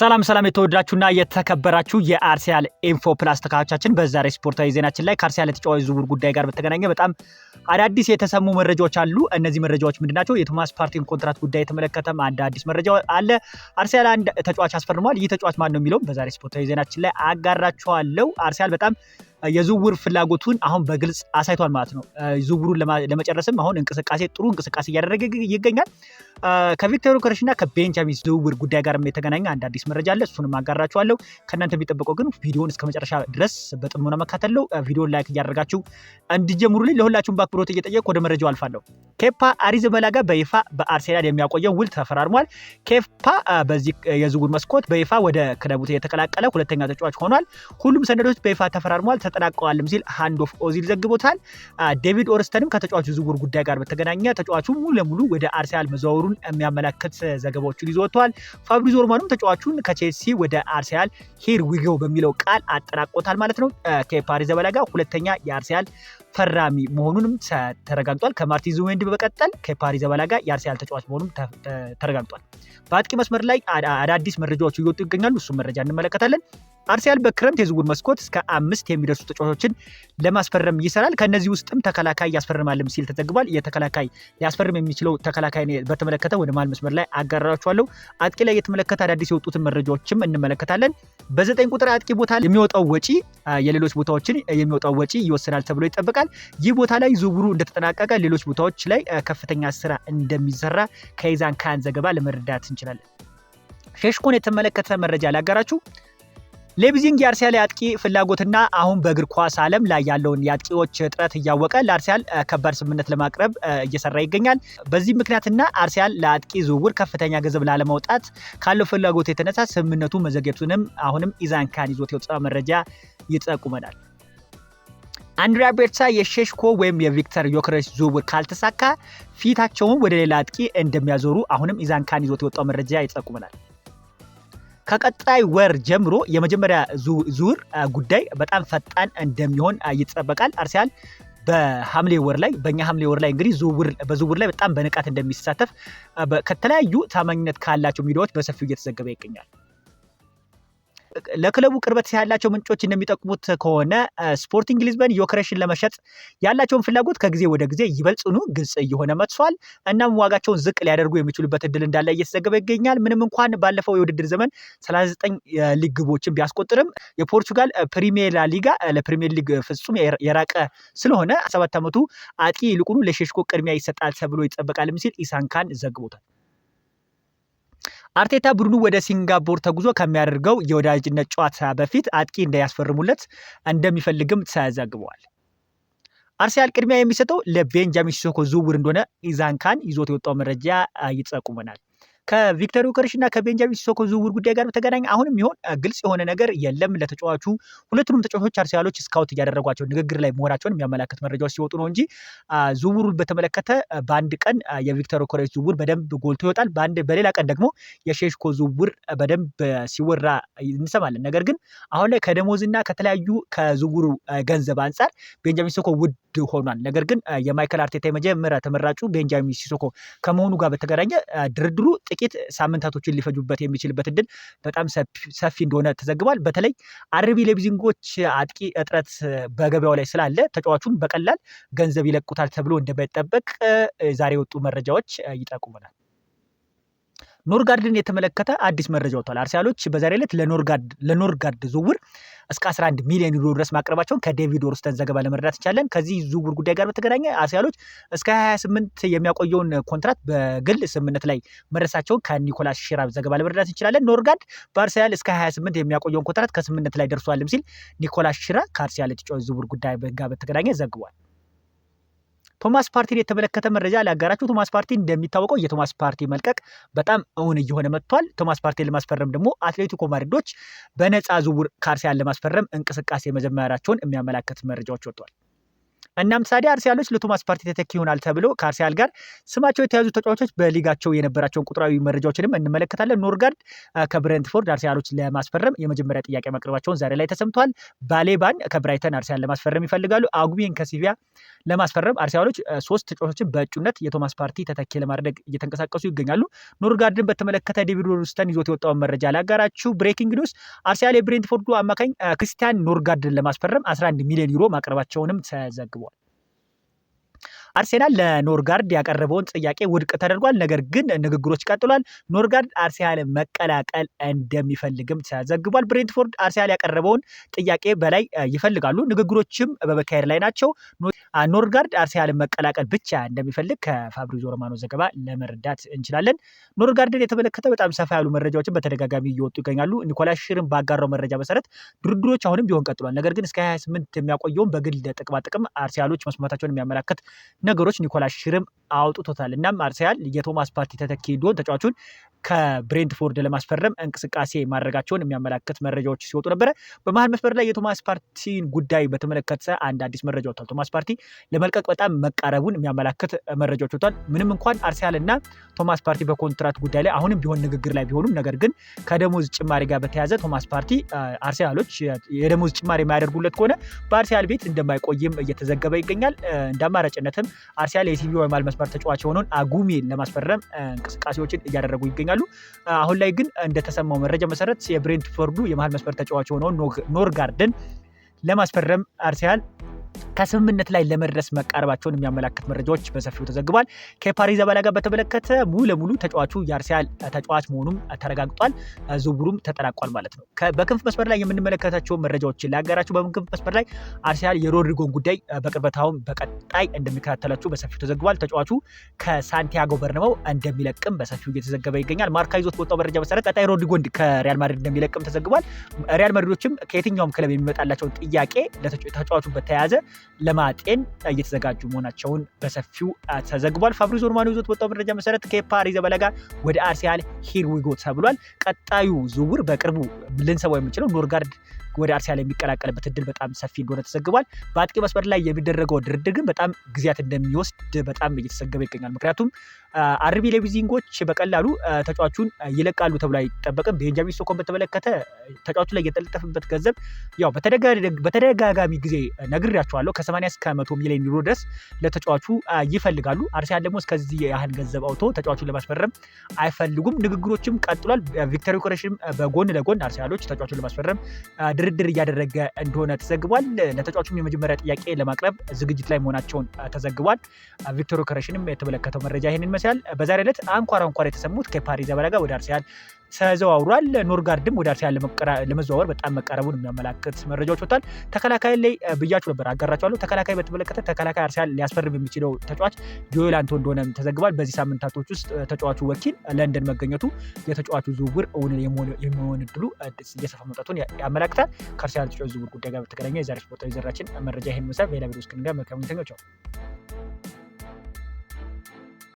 ሰላም ሰላም የተወዳችሁና የተከበራችሁ የአርሰናል ኢንፎ ፕላስ ተከታዮቻችን፣ በዛሬ ስፖርታዊ ዜናችን ላይ ከአርሰናል የተጫዋች ዝውውር ጉዳይ ጋር በተገናኘ በጣም አዳዲስ የተሰሙ መረጃዎች አሉ። እነዚህ መረጃዎች ምንድን ናቸው? የቶማስ ፓርቲን ኮንትራት ጉዳይ የተመለከተም አንድ አዲስ መረጃ አለ። አርሰናል አንድ ተጫዋች አስፈርሟል። ይህ ተጫዋች ማን ነው የሚለውም በዛሬ ስፖርታዊ ዜናችን ላይ አጋራችኋለሁ። አርሰናል በጣም የዝውውር ፍላጎቱን አሁን በግልጽ አሳይቷል ማለት ነው። ዝውውሩን ለመጨረስም አሁን እንቅስቃሴ ጥሩ እንቅስቃሴ እያደረገ ይገኛል። ከቪክቶር ዮከረስ እና ከቤንጃሚን ዝውውር ጉዳይ ጋር የተገናኘ አንድ አዲስ መረጃ አለ። እሱንም አጋራችኋለሁ። ከእናንተ የሚጠበቀው ግን ቪዲዮን እስከ መጨረሻ ድረስ በጥሞና መካተል ነው። ቪዲዮን ላይክ እያደረጋችሁ እንዲጀምሩ ልኝ ለሁላችሁም በአክብሮት እየጠየቅ ወደ መረጃው አልፋለሁ። ኬፓ አሪዘበላጋ በይፋ በአርሴናል የሚያቆየው ውል ተፈራርሟል። ኬፓ በዚህ የዝውውር መስኮት በይፋ ወደ ክለቡ የተቀላቀለ ሁለተኛ ተጫዋች ሆኗል። ሁሉም ሰነዶች በይፋ ተፈራርሟል። ተጠናቀዋልም ሲል ሃንድ ኦፍ ኦዚል ዘግቦታል። ዴቪድ ኦርስተንም ከተጫዋቹ ዝውውር ጉዳይ ጋር በተገናኘ ተጫዋቹ ሙሉ ለሙሉ ወደ አርሰናል መዘዋወሩን የሚያመላክት ዘገባዎችን ይዞ ወጥተዋል። ፋብሪዞ ሮማኖም ተጫዋቹን ከቼልሲ ወደ አርሰናል ሂር ዊጎ በሚለው ቃል አጠናቆታል ማለት ነው። ከፓሪስ ዘበላጋ ሁለተኛ የአርሰናል ፈራሚ መሆኑንም ተረጋግጧል። ከማርቲን ዙሜንዲ በመቀጠል ከፓሪ ዘበላ ጋር የአርሰናል ተጫዋች መሆኑም ተረጋግጧል። በአጥቂ መስመር ላይ አዳዲስ መረጃዎች እየወጡ ይገኛሉ። እሱም መረጃ እንመለከታለን። አርሰናል በክረምት የዝውውር መስኮት እስከ አምስት የሚደርሱ ተጫዋቾችን ለማስፈረም ይሰራል። ከእነዚህ ውስጥም ተከላካይ ያስፈርማልም ሲል ተዘግቧል። የተከላካይ ሊያስፈርም የሚችለው ተከላካይ በተመለከተ ወደ መሃል መስመር ላይ አጋራችኋለሁ። አጥቂ ላይ የተመለከተ አዳዲስ የወጡትን መረጃዎችም እንመለከታለን። በዘጠኝ ቁጥር አጥቂ ቦታ የሚወጣው ወጪ የሌሎች ቦታዎችን የሚወጣው ወጪ ይወሰናል ተብሎ ይጠበቃል። ይህ ቦታ ላይ ዝውውሩ እንደተጠናቀቀ ሌሎች ቦታዎች ላይ ከፍተኛ ስራ እንደሚሰራ ከይዛን ካን ዘገባ ለመረዳት እንችላለን። ሼሽኮን የተመለከተ መረጃ ላጋራችሁ። ሌቪዚንግ የአርሰናል የአጥቂ ፍላጎትና አሁን በእግር ኳስ ዓለም ላይ ያለውን የአጥቂዎች እጥረት እያወቀ ለአርሲያል ከባድ ስምምነት ለማቅረብ እየሰራ ይገኛል። በዚህ ምክንያትና አርሰናል ለአጥቂ ዝውውር ከፍተኛ ገንዘብ ላለመውጣት ካለው ፍላጎት የተነሳ ስምምነቱ መዘግየቱንም አሁንም ኢዛን ካን ይዞት የወጣ መረጃ ይጠቁመናል። አንድሪያ ቤርሳ የሼሽኮ ወይም የቪክተር ዮክሬሽ ዝውውር ካልተሳካ ፊታቸውን ወደ ሌላ አጥቂ እንደሚያዞሩ አሁንም ኢዛን ካን ይዞት የወጣው መረጃ ይጠቁመናል። ከቀጣይ ወር ጀምሮ የመጀመሪያ ዙር ጉዳይ በጣም ፈጣን እንደሚሆን ይጠበቃል። አርሰናል በሐምሌ ወር ላይ በእኛ ሐምሌ ወር ላይ እንግዲህ በዝውውር ላይ በጣም በንቃት እንደሚሳተፍ ከተለያዩ ታማኝነት ካላቸው ሚዲያዎች በሰፊው እየተዘገበ ይገኛል። ለክለቡ ቅርበት ያላቸው ምንጮች እንደሚጠቁሙት ከሆነ ስፖርቲንግ ሊዝበን ዮከረስን ለመሸጥ ያላቸውን ፍላጎት ከጊዜ ወደ ጊዜ ይበልጽኑ ግልጽ እየሆነ መጥቷል። እናም ዋጋቸውን ዝቅ ሊያደርጉ የሚችሉበት እድል እንዳለ እየተዘገበ ይገኛል። ምንም እንኳን ባለፈው የውድድር ዘመን 39 ሊግ ግቦችን ቢያስቆጥርም የፖርቹጋል ፕሪሜራ ሊጋ ለፕሪሚየር ሊግ ፍጹም የራቀ ስለሆነ ሰባት ዓመቱ አጥቂ ይልቁኑ ለሼሽኮ ቅድሚያ ይሰጣል ተብሎ ይጠበቃልም ሲል ኢሳንካን ዘግቦታል። አርቴታ ቡድኑ ወደ ሲንጋፖር ተጉዞ ከሚያደርገው የወዳጅነት ጨዋታ በፊት አጥቂ እንዳያስፈርሙለት እንደሚፈልግም ተዘግቧል። አርሰናል ቅድሚያ የሚሰጠው ለቤንጃሚን ሲሶኮ ዝውውር እንደሆነ ኢዛንካን ይዞት የወጣው መረጃ ይጠቁመናል። ከቪክተር ዩከርሽ እና ከቤንጃሚን ሲሶኮ ዝውውር ጉዳይ ጋር በተገናኘ አሁንም ይሆን ግልጽ የሆነ ነገር የለም። ለተጫዋቹ ሁለቱንም ተጫዋቾች አርሰናሎች ስካውት እያደረጓቸው ንግግር ላይ መሆናቸውን የሚያመላክት መረጃዎች ሲወጡ ነው እንጂ ዝውውሩን በተመለከተ በአንድ ቀን የቪክተር ዩከርሽ ዝውውር በደንብ ጎልቶ ይወጣል፣ በሌላ ቀን ደግሞ የሼሽኮ ዝውውር በደንብ ሲወራ እንሰማለን። ነገር ግን አሁን ላይ ከደሞዝና ከተለያዩ ከዝውውሩ ገንዘብ አንጻር ቤንጃሚን ሲሶኮ ውድ ሆኗል። ነገር ግን የማይከል አርቴታ የመጀመሪያ ተመራጩ ቤንጃሚን ሲሶኮ ከመሆኑ ጋር በተገናኘ ድርድሩ ጥቂት ሳምንታቶችን ሊፈጁበት የሚችልበት እድል በጣም ሰፊ እንደሆነ ተዘግቧል። በተለይ አርቢ ሌቪዚንጎች አጥቂ እጥረት በገበያው ላይ ስላለ ተጫዋቹን በቀላል ገንዘብ ይለቁታል ተብሎ እንደማይጠበቅ ዛሬ የወጡ መረጃዎች ይጠቁመናል። ኖርጋርድን የተመለከተ አዲስ መረጃ ወጥቷል። አርሰናሎች በዛሬ ዕለት ለኖርጋርድ ለኖርጋርድ ዝውውር እስከ 11 ሚሊዮን ዩሮ ድረስ ማቅረባቸውን ከዴቪድ ኦርስተን ዘገባ ለመረዳት እንችላለን። ከዚህ ዝውውር ጉዳይ ጋር በተገናኘ አርሰናሎች እስከ 28 የሚያቆየውን ኮንትራት በግል ስምምነት ላይ መድረሳቸውን ከኒኮላስ ሽራብ ዘገባ ለመረዳት እንችላለን። ኖርጋርድ በአርሰናል እስከ 28 የሚያቆየውን ኮንትራት ከስምምነት ላይ ደርሷልም ሲል ኒኮላስ ሽራ ከአርሰናል ተጫዋች ዝውውር ጉዳይ ጋር በተገናኘ ዘግቧል። ቶማስ ፓርቲን የተመለከተ መረጃ ሊያጋራችሁ ቶማስ ፓርቲ እንደሚታወቀው የቶማስ ፓርቲ መልቀቅ በጣም እውን እየሆነ መጥቷል። ቶማስ ፓርቲን ለማስፈረም ደግሞ አትሌቲኮ ማድሪዶች በነፃ ዝውውር ካርሲያን ለማስፈረም እንቅስቃሴ መጀመራቸውን የሚያመላክት መረጃዎች ወጥቷል። እናም ሳዲ አርሰናሎች ለቶማስ ፓርቲ ተተኪ ይሆናል ተብሎ ከአርሰናል ጋር ስማቸው የተያዙ ተጫዋቾች በሊጋቸው የነበራቸውን ቁጥራዊ መረጃዎችንም እንመለከታለን። ኖርጋርድ ከብረንትፎርድ አርሰናሎች ለማስፈረም የመጀመሪያ ጥያቄ ማቅረባቸውን ዛሬ ላይ ተሰምቷል። ባሌባን ከብራይተን አርሰናል ለማስፈረም ይፈልጋሉ። አጉቢን ከሲቪያ ለማስፈረም አርሰናሎች ሶስት ተጫዋቾችን በእጩነት የቶማስ ፓርቲ ተተኪ ለማድረግ እየተንቀሳቀሱ ይገኛሉ። ኖርጋርድን በተመለከተ ዴቪድ ሮድስተን ይዞት የወጣውን መረጃ ላጋራችሁ። ብሬኪንግ ኒውስ አርሰናል የብሬንትፎርዱ አማካኝ ክርስቲያን ኖርጋርድን ለማስፈረም 11 ሚሊዮን ዩሮ ማቅረባቸውንም ተዘግቧል። አርሴናል ለኖርጋርድ ያቀረበውን ጥያቄ ውድቅ ተደርጓል። ነገር ግን ንግግሮች ቀጥሏል። ኖርጋርድ አርሴናልን መቀላቀል እንደሚፈልግም ተዘግቧል። ብሬንትፎርድ አርሴናል ያቀረበውን ጥያቄ በላይ ይፈልጋሉ። ንግግሮችም በመካሄድ ላይ ናቸው። ኖርጋርድ አርሴናልን መቀላቀል ብቻ እንደሚፈልግ ከፋብሪዞ ሮማኖ ዘገባ ለመረዳት እንችላለን። ኖርጋርድን የተመለከተ በጣም ሰፋ ያሉ መረጃዎችን በተደጋጋሚ እየወጡ ይገኛሉ። ኒኮላስ ሽርን ባጋራው መረጃ መሰረት ድርድሮች አሁንም ቢሆን ቀጥሏል። ነገር ግን እስከ 28 የሚያቆየውን በግል ጥቅማጥቅም አርሴናሎች መስማታቸውን የሚያመላክት ነገሮች ኒኮላስ ሽርም አውጥቶታል። እናም አርሰናል የቶማስ ፓርቲ ተተኪ እንዲሆን ተጫዋቹን ከብሬንትፎርድ ለማስፈረም እንቅስቃሴ ማድረጋቸውን የሚያመላክት መረጃዎች ሲወጡ ነበረ። በመሀል መስመር ላይ የቶማስ ፓርቲን ጉዳይ በተመለከተ አንድ አዲስ መረጃ ወጥቷል። ቶማስ ፓርቲ ለመልቀቅ በጣም መቃረቡን የሚያመላክት መረጃዎች ወጥቷል። ምንም እንኳን አርሰናል እና ቶማስ ፓርቲ በኮንትራት ጉዳይ ላይ አሁንም ቢሆን ንግግር ላይ ቢሆኑም፣ ነገር ግን ከደሞዝ ጭማሪ ጋር በተያያዘ ቶማስ ፓርቲ አርሰናሎች የደሞዝ ጭማሪ የማያደርጉለት ከሆነ በአርሰናል ቤት እንደማይቆይም እየተዘገበ ይገኛል። እንደ አማራጭነትም አርሲያል የሲቪ ወይማል መስመር ተጫዋች የሆነውን አጉሜን ለማስፈረም እንቅስቃሴዎችን እያደረጉ ይገኛሉ። አሁን ላይ ግን እንደተሰማው መረጃ መሰረት የብሬንትፎርዱ የመሃል መስመር ተጫዋች የሆነውን ኖርጋርደን ለማስፈረም አርሲያል ከስምምነት ላይ ለመድረስ መቃረባቸውን የሚያመላክት መረጃዎች በሰፊው ተዘግቧል። ከፓሪዝ አባላ ጋር በተመለከተ ሙሉ ለሙሉ ተጫዋቹ የአርሰናል ተጫዋች መሆኑም ተረጋግጧል። ዝውውሩም ተጠናቋል ማለት ነው። በክንፍ መስመር ላይ የምንመለከታቸው መረጃዎችን ላጋራችሁ። በክንፍ መስመር ላይ አርሰናል የሮድሪጎን ጉዳይ በቅርበት አሁን በቀጣይ እንደሚከታተላቸው በሰፊው ተዘግቧል። ተጫዋቹ ከሳንቲያጎ በርነመው እንደሚለቅም በሰፊው እየተዘገበ ይገኛል። ማርካ ይዞት በወጣው መረጃ መሰረት ቀጣይ ሮድሪጎን ከሪያል ማድሪድ እንደሚለቅም ተዘግቧል። ሪያል ማድሪዶችም ከየትኛውም ክለብ የሚመጣላቸውን ጥያቄ ለተጫዋቹ በተያያዘ ለማጤን እየተዘጋጁ መሆናቸውን በሰፊው ተዘግቧል። ፋብሪዞ ሮማኖ ይዞት በወጣው መረጃ መሰረት ከኬፓ አሪዛባላጋ ወደ አርሰናል ሂርዊጎ ተብሏል። ቀጣዩ ዝውውር በቅርቡ ልንሰባው የምንችለው ኖርጋርድ ወደ አርሰናል የሚቀላቀልበት እድል በጣም ሰፊ እንደሆነ ተዘግቧል። በአጥቂ መስመር ላይ የሚደረገው ድርድር ግን በጣም ጊዜያት እንደሚወስድ በጣም እየተዘገበ ይገኛል። ምክንያቱም አርቢ ሌቪዚንጎች በቀላሉ ተጫዋቹን ይለቃሉ ተብሎ አይጠበቅም። ቤንጃሚን ሶኮን በተመለከተ ተጫዋቹ ላይ የተለጠፈበት ገንዘብ ያው በተደጋጋሚ ጊዜ ነግሬያቸው ብያቸዋለሁ። ከ80 እስከ 100 ሚሊዮን ዩሮ ድረስ ለተጫዋቹ ይፈልጋሉ። አርሰናል ደግሞ እስከዚህ ያህል ገንዘብ አውቶ ተጫዋቹን ለማስፈረም አይፈልጉም። ንግግሮችም ቀጥሏል። ቪክተር ኮሬሽም በጎን ለጎን አርሰናሎች ተጫዋቹን ለማስፈረም ድርድር እያደረገ እንደሆነ ተዘግቧል። ለተጫዋቹም የመጀመሪያ ጥያቄ ለማቅረብ ዝግጅት ላይ መሆናቸውን ተዘግቧል። ቪክተር ኮሬሽንም የተመለከተው መረጃ ይህንን ይመስላል። በዛሬ ዕለት አንኳር አንኳር የተሰሙት ከፓሪዝ ወደ አርሰናል ተዘዋውሯል። ኖርጋርድም ወደ አርሰናል ለመዘዋወር በጣም መቃረቡን የሚያመላክት መረጃዎች ወጥቷል። ተከላካይ ላይ ብያችሁ ነበር፣ አጋራችኋለሁ። ተከላካይ በተመለከተ ተከላካይ አርሰናል ሊያስፈርም የሚችለው ተጫዋች ጆኤል አንቶ እንደሆነ ተዘግቧል። በዚህ ሳምንታቶች ውስጥ ተጫዋቹ ወኪል ለንደን መገኘቱ የተጫዋቹ ዝውውር እውን የሚሆን እድሉ እየሰፋ መውጣቱን ያመላክታል። ከአርሰናል ተጫዋች ዝውውር ጉዳይ ጋር በተገናኘ የዛሬ ስፖርታዊ ዘራችን መረጃ ይህን መሰል በሌላ ቪዲዮ እስክንገናኝ መልካም